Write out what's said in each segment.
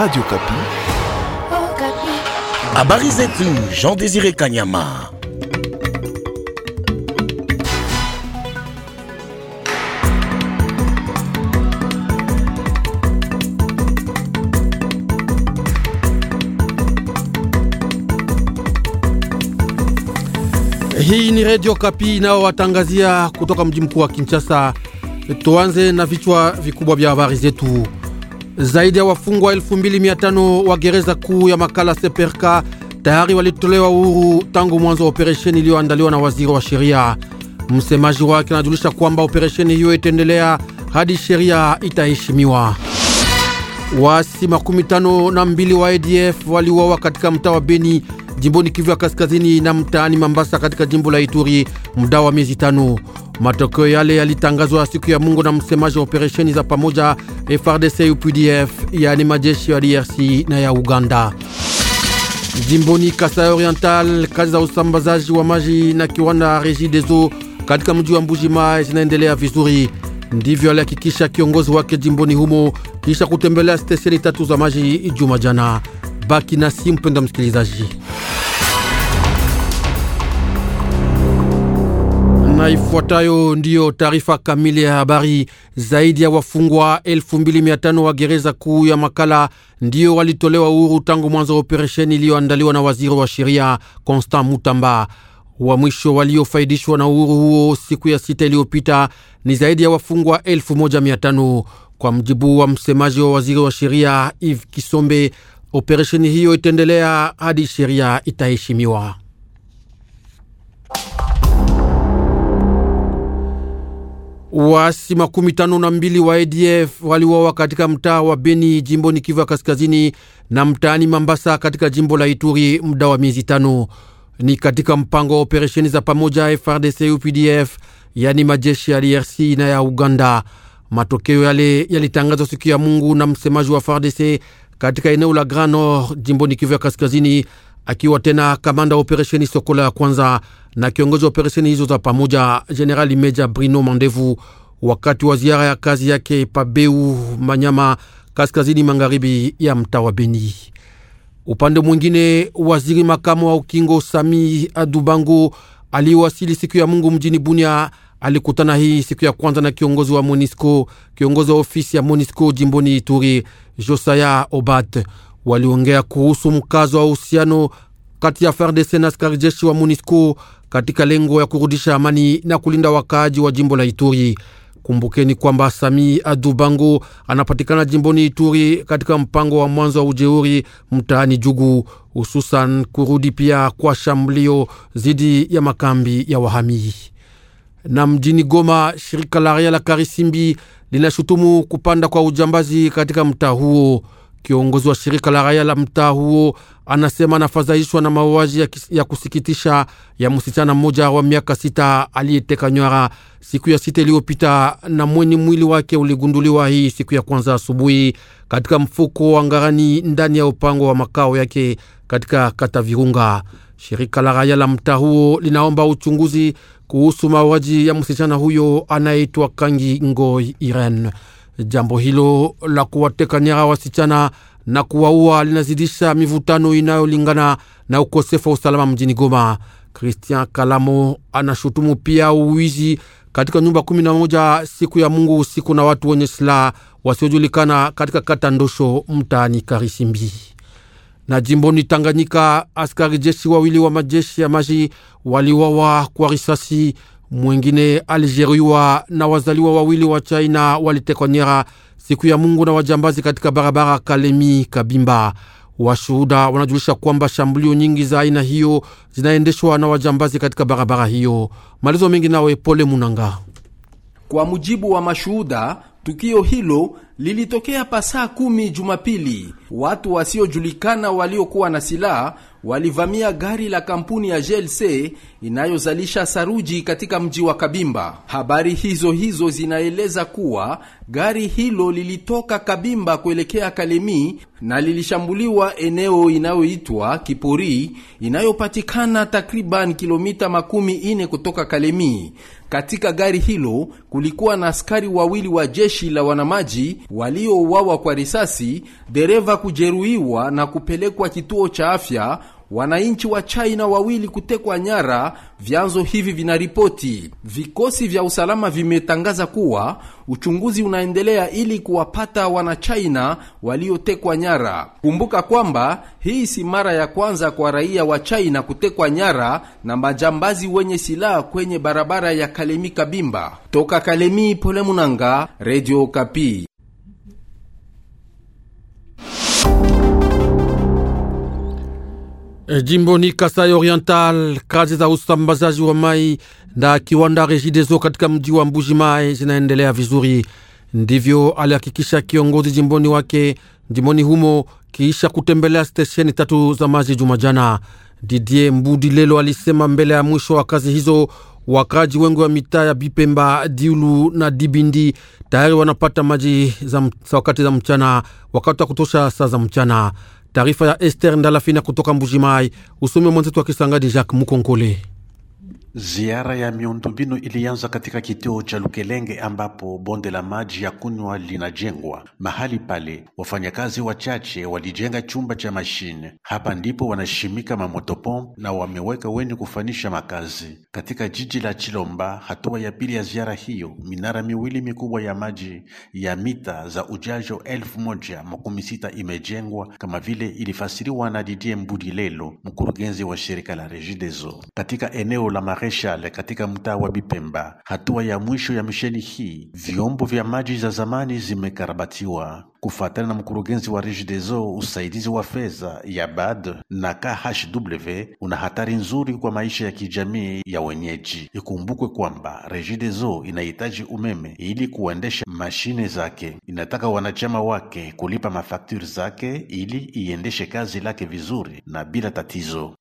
Radio Kapi. Habari zetu Jean Désiré Kanyama. Hii ni Radio Kapi watangazia kutoka mji mkuu wa Kinshasa. Tuanze na vichwa vikubwa vya habari zetu. Zaidi ya wafungwa 2500 wa gereza kuu ya Makala Seperka tayari walitolewa uhuru tangu mwanzo wa operesheni iliyoandaliwa na waziri wa sheria. Msemaji wake anajulisha kwamba operesheni hiyo itaendelea hadi sheria itaheshimiwa. Waasi makumi tano na mbili wa ADF waliuawa katika mtaa wa Beni jimboni Kivu ya Kaskazini na mtaani Mambasa katika jimbo la Ituri muda wa miezi tano. Matokeo yale yalitangazwa siku ya Mungu na msemaji wa operesheni za pamoja FRDC UPDF, yaani majeshi ya DRC na ya Uganda. Jimboni Kasai Oriental, kazi za usambazaji wa maji na kiwanda Regideso katika mji wa Mbuji-Mayi zinaendelea vizuri. Ndivyo alihakikisha kiongozi wake jimboni humo kisha kutembelea stesheni tatu za maji juma jana. Baki nasi mpenda msikilizaji. ifuatayo ndiyo taarifa kamili ya habari. Zaidi ya wafungwa 2500 wa gereza kuu ya Makala ndiyo walitolewa uhuru tangu mwanzo wa operesheni iliyoandaliwa na waziri wa sheria Constant Mutamba. Wa mwisho waliofaidishwa na uhuru huo siku ya sita iliyopita ni zaidi ya wafungwa 1500 kwa mjibu wa msemaji wa waziri wa sheria Yves Kisombe. Operesheni hiyo itaendelea hadi sheria itaheshimiwa. Waasi makumi tano na mbili wa ADF waliwawa katika mtaa wa Beni jimboni Kivu ya kaskazini na mtaani Mambasa katika jimbo la Ituri muda wa miezi tano. Ni katika mpango wa operesheni za pamoja FRDC UPDF, yani majeshi ya DRC na ya Uganda. Matokeo yale yalitangazwa siku ya Mungu na msemaji wa FRDC katika eneo la Grand Nord jimboni Kivu ya kaskazini, akiwa tena kamanda wa operesheni Sokola ya kwanza na kiongozi wa operesheni hizo za pamoja Jenerali Meja Brino Mandevu wakati wa ziara ya kazi yake Pabeu Manyama, kaskazini magharibi ya mtaa wa Beni. Upande mwingine, waziri makamu wa ukingo Sami Adubango aliyewasili siku ya Mungu mjini Bunia alikutana hii siku ya kwanza na kiongozi wa MONISCO, kiongozi wa ofisi ya MONISCO jimboni Ituri, Josaya Obat. Waliongea kuhusu mkazo wa uhusiano kati ya FARDC na askari jeshi wa MONISCO katika lengo ya kurudisha amani na kulinda wakaaji wa jimbo la Ituri. Kumbukeni kwamba Sami Adubango anapatikana jimboni Ituri katika mpango wa mwanzo wa ujeuri mtaani Jugu, hususan kurudi pia kwa shambulio dhidi ya makambi ya wahamii. Na mjini Goma, shirika la raia la Karisimbi linashutumu kupanda kwa ujambazi katika mtaa huo. Kiongozi wa shirika la raia la mtaa huo anasema anafadhaishwa na mauaji ya, ya kusikitisha ya msichana mmoja wa miaka sita aliyeteka nywara siku ya sita iliyopita, na mweni mwili wake uligunduliwa hii siku ya kwanza asubuhi katika mfuko wa ngarani ndani ya upango wa makao yake katika kata Virunga. Shirika la raia la mtaa huo linaomba uchunguzi kuhusu mauaji ya msichana huyo anayeitwa Kangi Ngoi Irene. Jambo hilo la kuwateka nyara wasichana na kuwaua linazidisha mivutano inayolingana na ukosefu wa usalama mjini Goma. Christian Kalamo anashutumu pia uwizi katika nyumba kumi na moja siku ya Mungu usiku na watu wenye silaha wasiojulikana katika kata Ndosho mtaani Karisimbi. Na jimboni Tanganyika, askari jeshi wawili wa majeshi ya maji waliwawa kwa risasi mwingine alijeruhiwa na wazaliwa wawili wa China walitekwa nyara siku ya Mungu na wajambazi katika barabara Kalemi Kabimba. Washuhuda wanajulisha kwamba shambulio nyingi za aina hiyo zinaendeshwa na wajambazi katika barabara hiyo. Malizo mengi nawe Pole Munanga. Kwa mujibu wa mashuhuda, Tukio hilo lilitokea pasaa kumi Jumapili. Watu wasiojulikana waliokuwa na silaha walivamia gari la kampuni ya GLC inayozalisha saruji katika mji wa Kabimba. Habari hizo hizo zinaeleza kuwa gari hilo lilitoka Kabimba kuelekea Kalemi na lilishambuliwa eneo inayoitwa Kipori inayopatikana takriban kilomita makumi ine kutoka Kalemi. Katika gari hilo kulikuwa na askari wawili wa jeshi la wanamaji waliouawa kwa risasi, dereva kujeruhiwa na kupelekwa kituo cha afya wananchi wa China wawili kutekwa nyara, vyanzo hivi vinaripoti. Vikosi vya usalama vimetangaza kuwa uchunguzi unaendelea ili kuwapata wanachina waliotekwa nyara. Kumbuka kwamba hii si mara ya kwanza kwa raia wa China kutekwa nyara na majambazi wenye silaha kwenye barabara ya Kalemi Kabimba. Toka Kalemi, Pole Munanga, Radio Kapi. Eh, jimboni Kasai Oriental, kazi za usambazaji wa mai na kiwanda Regideso katika mji wa Mbuji Mai zinaendelea vizuri. Ndivyo alihakikisha kiongozi jimboni wake jimboni humo kiisha kutembelea stesheni tatu za maji jumajana. Didier Mbudi Lelo alisema mbele ya mwisho wa kazi hizo wakaji wengi wa mitaa ya Bipemba, Diulu na Dibindi tayari wanapata maji za wakati za mchana, wakati wa kutosha saa za mchana. Taarifa ya Esther Ndalafina kutoka Mbujimai, usomi wa mwenzetu wa Kisangani Jacques Mukonkole. Ziara ya miundombinu ilianza katika kituo cha Lukelenge ambapo bonde la maji ya kunywa linajengwa. Mahali pale wafanyakazi wachache walijenga chumba cha mashine. Hapa ndipo wanashimika mamotopom na wameweka weni kufanisha makazi. Katika jiji la Chilomba, hatua ya pili ya ziara hiyo, minara miwili mikubwa ya maji ya mita za ujazo elfu moja makumi sita imejengwa kama vile ilifasiriwa na Didie Mbudilelo, mkurugenzi wa shirika la Regideso katika eneo la Marechal katika mtaa wa Bipemba. Hatua ya mwisho ya misheni hii, vyombo vya maji za zamani zimekarabatiwa kufuatana na mkurugenzi wa Regideso. Usaidizi wa fedha ya BAD na KHW una hatari nzuri kwa maisha ya kijamii ya wenyeji. Ikumbukwe kwamba Regideso inahitaji umeme ili kuendesha mashine zake, inataka wanachama wake kulipa mafakturi zake ili iendeshe kazi lake vizuri na bila tatizo.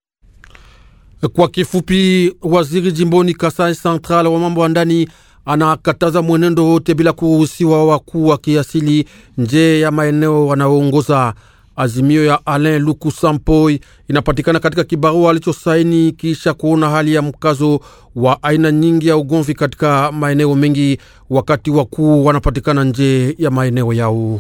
Kwa kifupi, waziri jimboni Kasai Central wa mambo ya ndani anakataza mwenendo wote bila kuruhusiwa wakuu wa kiasili nje ya maeneo wanaoongoza. Azimio ya Alain Luku Sampoi inapatikana katika kibarua alichosaini kisha kuona hali ya mkazo wa aina nyingi ya ugomvi katika maeneo mengi, wakati wakuu wanapatikana nje ya maeneo yao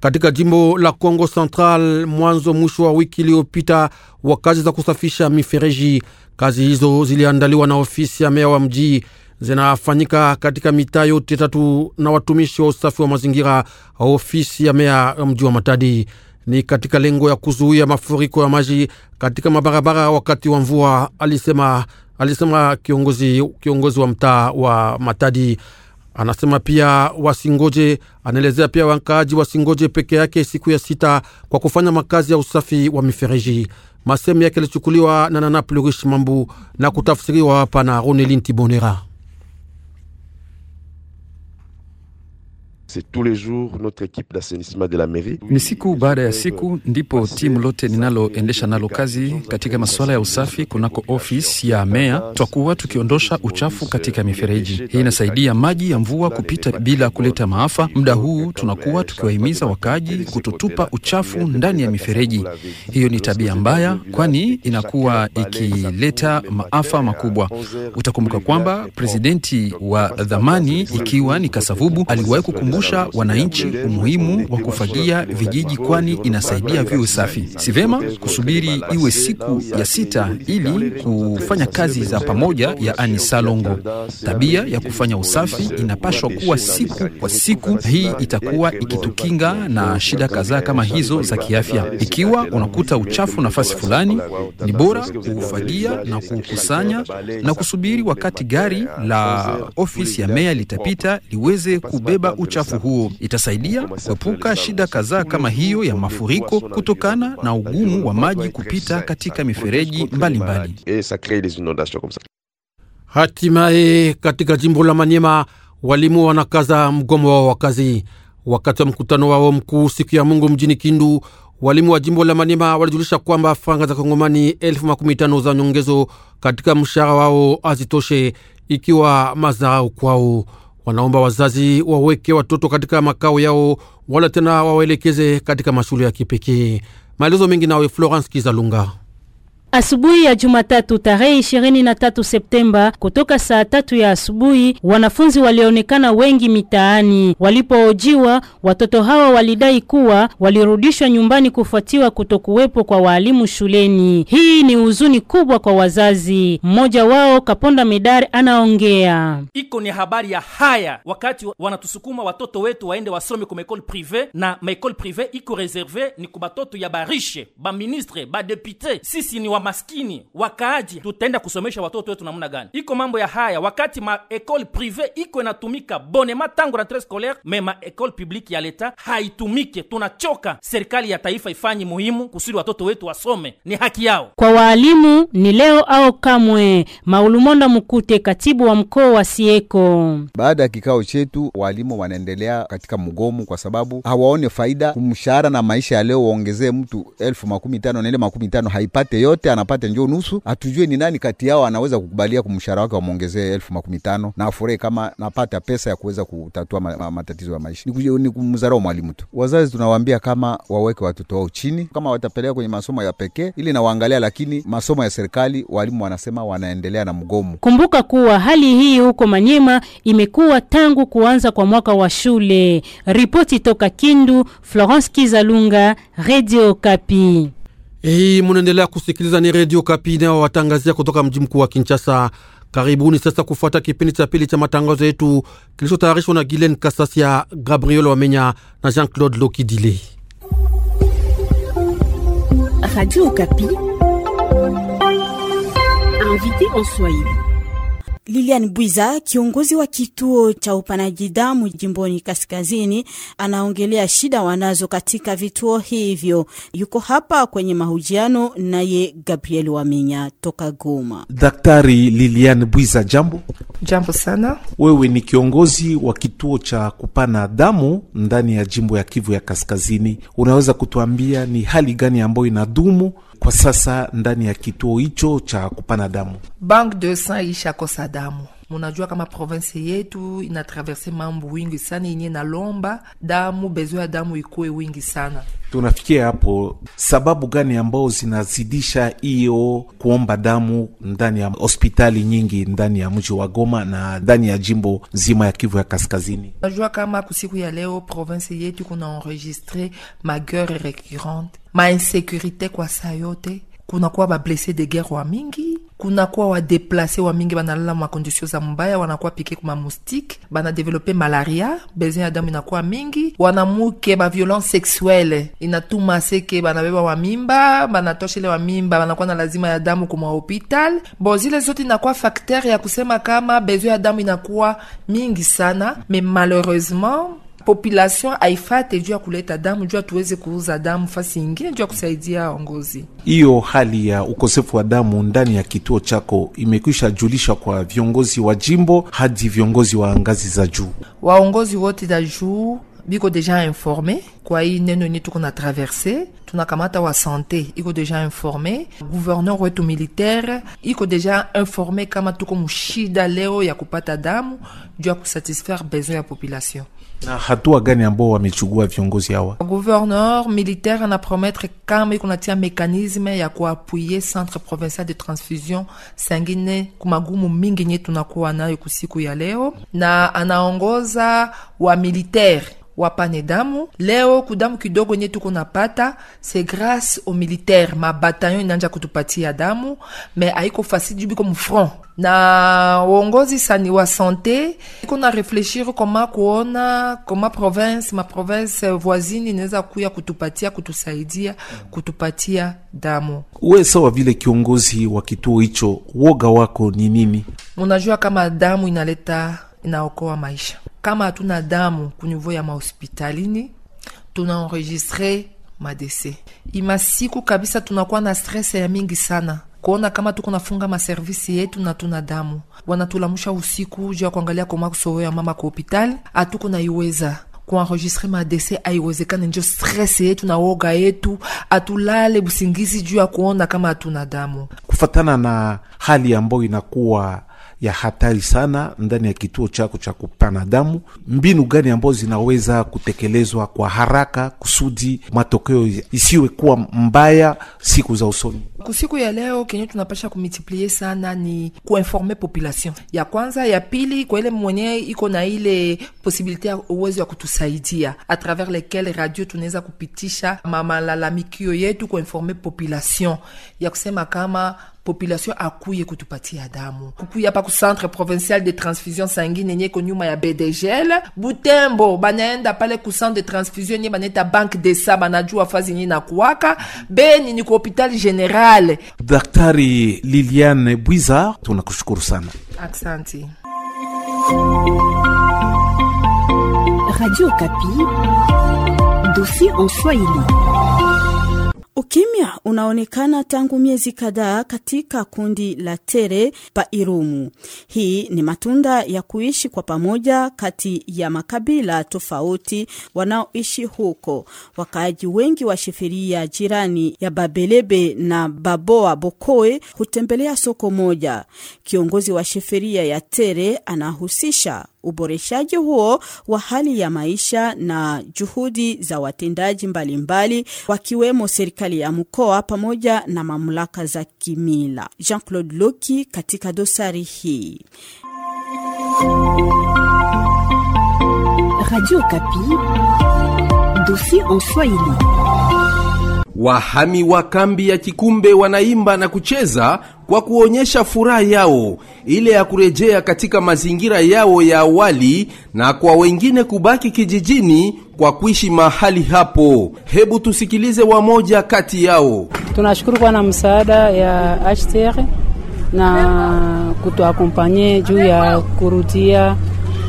katika jimbo la congo Central mwanzo mwisho wa wiki iliyopita wa kazi za kusafisha mifereji. Kazi hizo ziliandaliwa na ofisi ya meya wa mji, zinafanyika katika mitaa yote tatu na watumishi wa usafi wa mazingira wa ofisi ya meya ya mji wa Matadi. Ni katika lengo ya kuzuia mafuriko ya maji katika mabarabara wakati wa mvua, alisema, alisema kiongozi, kiongozi wa mtaa wa Matadi. Anasema pia wasingoje, anaelezea pia wakaaji wasingoje peke yake siku ya sita kwa kufanya makazi ya usafi wa mifereji. Masemi yake yalichukuliwa na Nana Plurish Mambu na kutafsiriwa hapa na Ronelin Tibonera. tous les jours notre équipe d'assainissement de la mairie. Ni siku baada ya siku ndipo timu lote ninaloendesha nalo kazi katika masuala ya usafi kunako ofisi ya meya, twakuwa tukiondosha uchafu katika mifereji. Hii inasaidia maji ya mvua kupita bila kuleta maafa. Muda huu tunakuwa tukiwahimiza wakaji kutotupa uchafu ndani ya mifereji. Hiyo ni tabia mbaya, kwani inakuwa ikileta maafa makubwa. Utakumbuka kwamba presidenti wa dhamani ikiwa ni Kasavubu aliwahi kukumbuka kuwakumbusha wananchi umuhimu wa kufagia vijiji, kwani inasaidia viwe safi. Si vema kusubiri iwe siku ya sita ili kufanya kazi za pamoja, yaani salongo. Tabia ya kufanya usafi inapashwa kuwa siku kwa siku. Hii itakuwa ikitukinga na shida kadhaa kama hizo za kiafya. Ikiwa unakuta uchafu nafasi fulani, ni bora kuufagia na kuukusanya na kusubiri wakati gari la ofisi ya meya litapita liweze kubeba uchafu uzoefu huo. Itasaidia kuepuka shida kadhaa kama hiyo ya mafuriko kutokana na ugumu wa maji kupita katika mifereji mbalimbali mbali. Hatimaye katika jimbo la Manyema walimu wanakaza mgomo wao wa kazi. Wakati wa mkutano wao mkuu siku ya Mungu mjini Kindu, walimu wa jimbo la Manyema walijulisha kwamba franga za Kongomani elfu makumi tano za nyongezo katika mshahara wao hazitoshe, ikiwa mazao kwao wanaomba wazazi waweke watoto katika makao yao, wala tena wawaelekeze katika mashule ya kipekee. Maelezo mengi nawe Florence Kizalunga. Asubuhi ya Jumatatu tarehe 23 Septemba kutoka saa tatu ya asubuhi, wanafunzi walionekana wengi mitaani. Walipoojiwa, watoto hawa walidai kuwa walirudishwa nyumbani kufuatiwa kutokuwepo kwa waalimu shuleni. Hii ni huzuni kubwa kwa wazazi. Mmoja wao Kaponda Medari anaongea. Iko ni habari ya haya wakati wanatusukuma watoto wetu waende wasome ku maekole prive, na maekole prive iko reserve ni kwa batoto ya barishe, ba ministre, ba Sisi ni wa wamaskini wakaaji, tutaenda kusomesha watoto wetu namna gani? Iko mambo ya haya, wakati ma ekole prive iko inatumika bonema tangu rentree scolaire, me ma ekole publique ya leta haitumike. Tunachoka, serikali ya taifa ifanye muhimu kusudi watoto wetu wasome, ni haki yao. Kwa waalimu ni leo au kamwe. Maulumonda Mukute, katibu wa mkoa wa Sieko: baada ya kikao chetu, waalimu wanaendelea katika mgomo kwa sababu hawaone faida kumshahara na maisha ya leo. Waongezee mtu elfu makumi tano naende makumi tano haipate yote anapata njoo nusu, atujue ni nani kati yao anaweza kukubalia kumshahara wake wamwongezee elfu makumi tano na afurahi kama napata pesa ya kuweza kutatua ma, ma, matatizo ya maisha. Ni kumzarau mwalimu tu. Wazazi tunawaambia kama waweke watoto wao chini, kama watapeleka kwenye masomo ya pekee ili nawaangalia, lakini masomo ya serikali walimu wanasema wanaendelea na mgomo. Kumbuka kuwa hali hii huko Manyema imekuwa tangu kuanza kwa mwaka wa shule. Ripoti toka Kindu, Florence Kizalunga, Radio Kapi. Hii munaendelea kusikiliza, ni redio Kapi inayowatangazia kutoka mji mkuu wa Kinshasa. Karibuni sasa kufuata kipindi cha pili cha matangazo yetu kilichotayarishwa na Gilen Kasasia, Gabriel Wamenya na Jean Claude Lokidile. Radio Kapi invité en Swahili Lilian Bwiza, kiongozi wa kituo cha upanaji damu jimboni Kaskazini, anaongelea shida wanazo katika vituo hivyo. Yuko hapa kwenye mahojiano naye Gabriel Wamenya toka Goma. Daktari Lilian Bwiza, jambo. Jambo sana. Wewe ni kiongozi wa kituo cha kupana damu ndani ya jimbo ya Kivu ya Kaskazini, unaweza kutuambia ni hali gani ambayo inadumu kwa sasa ndani ya kituo hicho cha kupana damu. Bank de sang ishakosa damu munajua kama province yetu inatraverse mambo wingi sana yenye nalomba damu, bezo ya damu ikuwe wingi sana. Tunafikia hapo, sababu gani ambao zinazidisha hiyo kuomba damu ndani ya hospitali nyingi ndani ya mji wa Goma na ndani ya jimbo zima ya Kivu ya Kaskazini? Najua kama kusiku ya leo province yetu kuna enregistre maguerre recurrente, ma insécurité kwa saa yote kunakuwa bablese de guerre wa mingi, kunakuwa wadeplace wa mingi banalala ma za mubaya, wanakuwa pike kuma mustike, banadevelope malaria, bezin ya damu inakuwa mingi, wanamuke baviolence sexuele inatuma seke banabeba wa mimba, banatoshele wa banakuwa na lazima ya damu kuma hopital Bo zile zote inakuwa facteur ya kusema kama bezin ya damu inakuwa mingi sana, mais malheureusement population haifate juu ya kuleta damu, juu tuweze kuuza damu fasi yingine, juu ya kusaidia ongozi. Hiyo hali ya ukosefu wa damu ndani ya kituo chako imekwisha julisha kwa viongozi wa jimbo hadi viongozi wa ngazi za juu. Waongozi wote za juu biko deja informe kwa hii neno ni tuko na traverse, tunakamata wa sante iko deja informe, guverneur wetu militaire iko deja informe kama tuko mushida leo ya kupata damu juu ya kusatisfaire besoin ya population na hatua gani ambao wamechugua viongozi hawa? Gouverneur militaire anapromettre kama iko natia mekanisme ya kuapuye centre provincial de transfusion sangine kumagumu mingi nye tunakuwa nayo kusiku ya leo, na anaongoza wa militaire wapane damu leo. Kudamu kidogo nye tuko napata se grâce au militaire, mabatayon inanja kutupatia damu me aiko fasidi biko mfront na uongozi sani wa sante iko na reflechir koma kuona koma province ma province voisine inaweza kuya kutupatia kutusaidia kutupatia damu. We sawa vile kiongozi wa kituo hicho, woga wako ni nini? unajua kama damu inaleta inaokoa maisha kama hatuna damu kunivo ya mahospitalini, tunaenregistre madese. Imasiku kabisa tunakuwa na stress ya mingi sana kuona kama tuko nafunga maservisi yetu na tuna damu, wanatulamusha usiku juu ya kuangalia koma kusowe ya mama kwa hopitali, hatuko naiweza kuenregistre madese, haiwezekani. Njo stress yetu na woga yetu, atulale busingizi juu ya kuona kama hatuna damu, kufatana na hali ambayo inakuwa ya hatari sana ndani ya kituo chako cha kupana damu, mbinu gani ambazo zinaweza kutekelezwa kwa haraka kusudi matokeo isiwe kuwa mbaya siku za usoni? Kusiku ya leo kenye tunapasha kumultiplie sana ni kuinforme population ya kwanza, ya pili kwa ile mwenye iko na ile posibilite ya uwezo ya kutusaidia a travers lesquelles radio tunaweza kupitisha mamalalamikio yetu, kuinforme population ya kusema kama population akuye kutupatia damu kukuya pa ku centre provincial de transfusion sanguine nye konyuma ya bdgl butembo banaenda pale ku centre de transfusion nye banaita banque de sa banajua fazi nye na kuwaka beni ni ku hopital general daktari liliane bwiza tunakushukuru sana aksanti radio kapi dossier en swahili Ukimya unaonekana tangu miezi kadhaa katika kundi la Tere pa Irumu. Hii ni matunda ya kuishi kwa pamoja kati ya makabila tofauti wanaoishi huko. Wakaaji wengi wa shifiria jirani ya Babelebe na Baboa Bokoe hutembelea soko moja. Kiongozi wa shifiria ya Tere anahusisha Uboreshaji huo wa hali ya maisha na juhudi za watendaji mbalimbali wakiwemo serikali ya mkoa pamoja na mamlaka za kimila. Jean-Claude Loki katika dosari hii. Radio Kapi, dosi en Swahili. Wahami wa kambi ya Kikumbe wanaimba na kucheza kwa kuonyesha furaha yao ile ya kurejea katika mazingira yao ya awali na kwa wengine kubaki kijijini kwa kuishi mahali hapo. Hebu tusikilize wamoja kati yao. Tunashukuru kwa na msaada ya HTR na kutuakompanye juu ya kurudia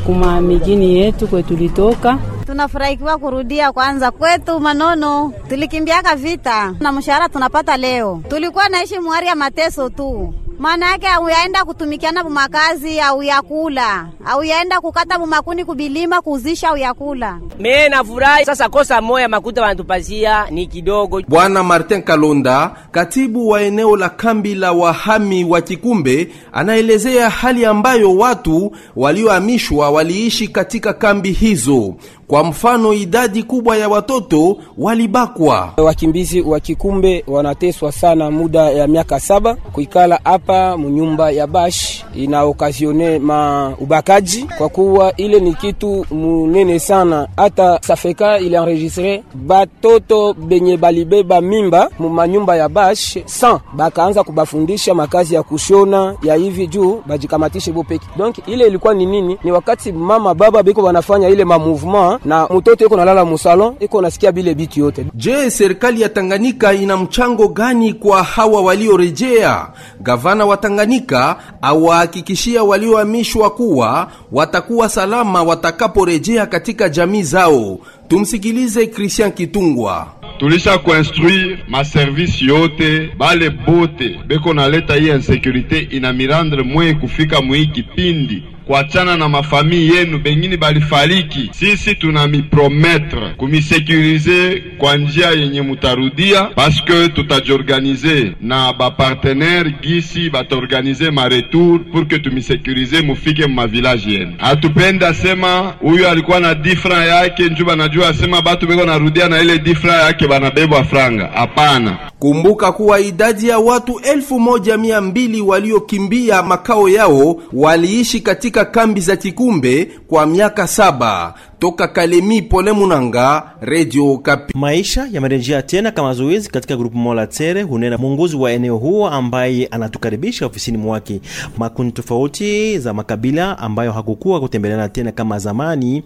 kuma migini yetu kwetulitoka tulitoka tunafurahikiwa kurudia kwanza kwetu Manono, tulikimbiaka vita na mshahara tunapata leo. Tulikuwa naishi mwari ya mateso tu maana yake auyaenda kutumikiana bumakazi au yakula au yaenda kukata bumakuni kubilima kuuzisha au yakula. Mimi nafurahi sasa, kosa moya makuta wanatupazia ni kidogo. Bwana Martin Kalonda, katibu wa eneo la kambi la wahami wa Kikumbe, anaelezea hali ambayo watu waliohamishwa waliishi katika kambi hizo. Kwa mfano, idadi kubwa ya watoto walibakwa. Wakimbizi wa kikumbe wanateswa sana muda ya miaka saba kuikala hapa munyumba ya bash, ina okazione ma ubakaji, kwa kuwa ile ni kitu munene sana. Hata safeka ili enregistre batoto benye balibeba mimba manyumba ya bash san bakaanza kubafundisha makazi ya kushona ya hivi juu bajikamatishe bopeki. Donc ile ilikuwa ni nini? Ni wakati mama baba biko wanafanya ile ma mouvement na mtoto iko nalala musalon iko nasikia bile bitu yote. Je, serikali ya Tanganyika ina mchango gani kwa hawa waliorejea? Gavana wa Tanganyika awahakikishia waliohamishwa kuwa watakuwa salama watakaporejea katika jamii zao. Tumsikilize Christian Kitungwa. Tulisha kuinstruire maservisi yote bale bote beko naleta hii insekurite mirandre mwe kufika mwiki pindi wachana na mafamii yenu bengine balifariki. Sisi tuna miprometre kumisekurize kwa njia yenye mutarudia, paske tutajiorganize na bapartenere gisi bataorganize maretour pour que tumisekurize mufike mumavilaji yenu. Hatupenda sema huyu alikuwa na difra yake njuba, najua asema batu beko narudia na ile difra yake banabebwa franga. Hapana. Kumbuka kuwa idadi ya watu elfu moja mia mbili waliokimbia makao yao waliishi katika kambi za Kikumbe kwa miaka saba. Toka Kalemi, Pole Munanga, Radio Kapi. Maisha yamerejea tena kama zoezi katika grupu Mola Tere, hunena mwongozi wa eneo huo ambaye anatukaribisha ofisini mwake. Makundi tofauti za makabila ambayo hakukuwa kutembeleana tena kama zamani,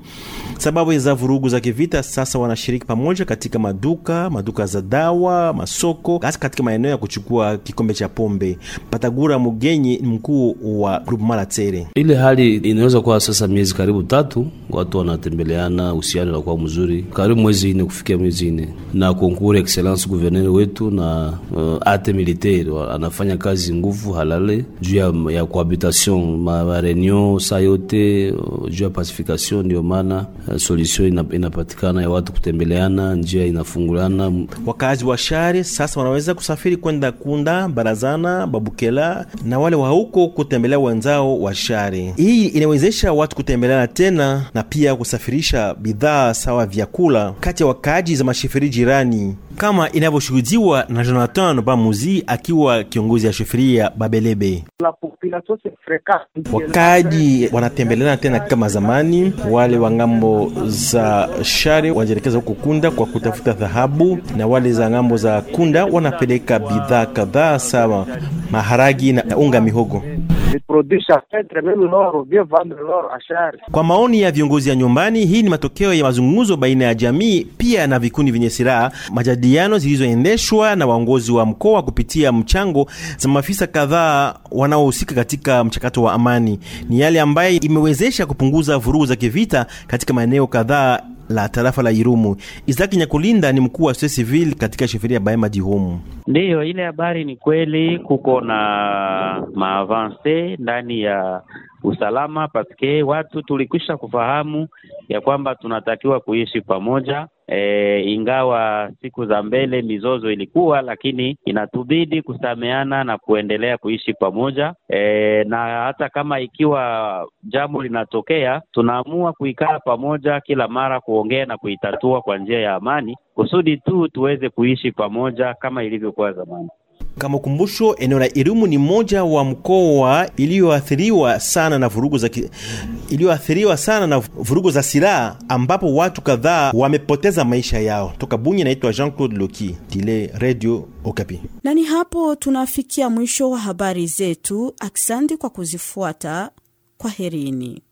sababu za vurugu za kivita, sasa wanashiriki pamoja katika maduka, maduka za dawa, masoko, hasa katika maeneo ya kuchukua kikombe cha pombe. Patagura Mugenyi ni mkuu wa grupu Mola Tere. Ile hali inaweza kuwa sasa miezi karibu tatu watu wanatembea kuendeleana, uhusiano unakuwa mzuri karibu mwezi ine kufikia mwezi ine, na konkuru excellence guverneri wetu na uh, ate militaire anafanya kazi nguvu halale juu ya, cohabitation ma reunion saa yote uh, juu ya pacification. Ndio maana uh, solution ina, inapatikana ya watu kutembeleana, njia inafungulana. Wakazi wa shari sasa wanaweza kusafiri kwenda Kunda, Barazana, Babukela na wale wa huko kutembelea wenzao wa shari. Hii inawezesha watu kutembeleana tena na pia kusafiri kusafirisha bidhaa sawa vyakula kati ya wakaaji za mashifiri jirani kama inavyoshuhudiwa na Jonathan Bamuzi akiwa kiongozi ya shefuria Babelebe. Wakaaji wanatembeleana tena kama zamani, wale wa ngambo za share wanajielekeza huko Kunda kwa kutafuta dhahabu, na wale za ngambo za Kunda wanapeleka bidhaa kadhaa sawa maharagi na unga mihogo. Kwa maoni ya viongozi ya nyumbani, hii ni matokeo ya mazungumzo baina ya jamii pia na vikundi vyenye silaha majadi majadiliano zilizoendeshwa na waongozi wa mkoa kupitia mchango za maafisa kadhaa wanaohusika katika mchakato wa amani. Ni yale ambaye imewezesha kupunguza vurugu za kivita katika maeneo kadhaa la tarafa la Irumu. Isaki Nyakulinda ni mkuu wa civil katika sheferi ya Bahema Dihumu. Ndiyo, ile habari ni kweli, kuko na maavanse ndani ya usalama paske watu tulikwisha kufahamu ya kwamba tunatakiwa kuishi pamoja. E, ingawa siku za mbele mizozo ilikuwa, lakini inatubidi kusameana na kuendelea kuishi pamoja. E, na hata kama ikiwa jambo linatokea, tunaamua kuikaa pamoja kila mara kuongea na kuitatua kwa njia ya amani, kusudi tu tuweze kuishi pamoja kama ilivyokuwa zamani. Kama kumbusho, eneo la Irumu ni moja wa mkoa iliyoathiriwa sana na vurugu za iliyoathiriwa sana na vurugu za silaha ambapo watu kadhaa wamepoteza maisha yao. Toka Bunya, naitwa Jean-Claude Loki Tile, Radio Okapi. Na ni hapo tunafikia mwisho wa habari zetu. Aksandi kwa kuzifuata. herini.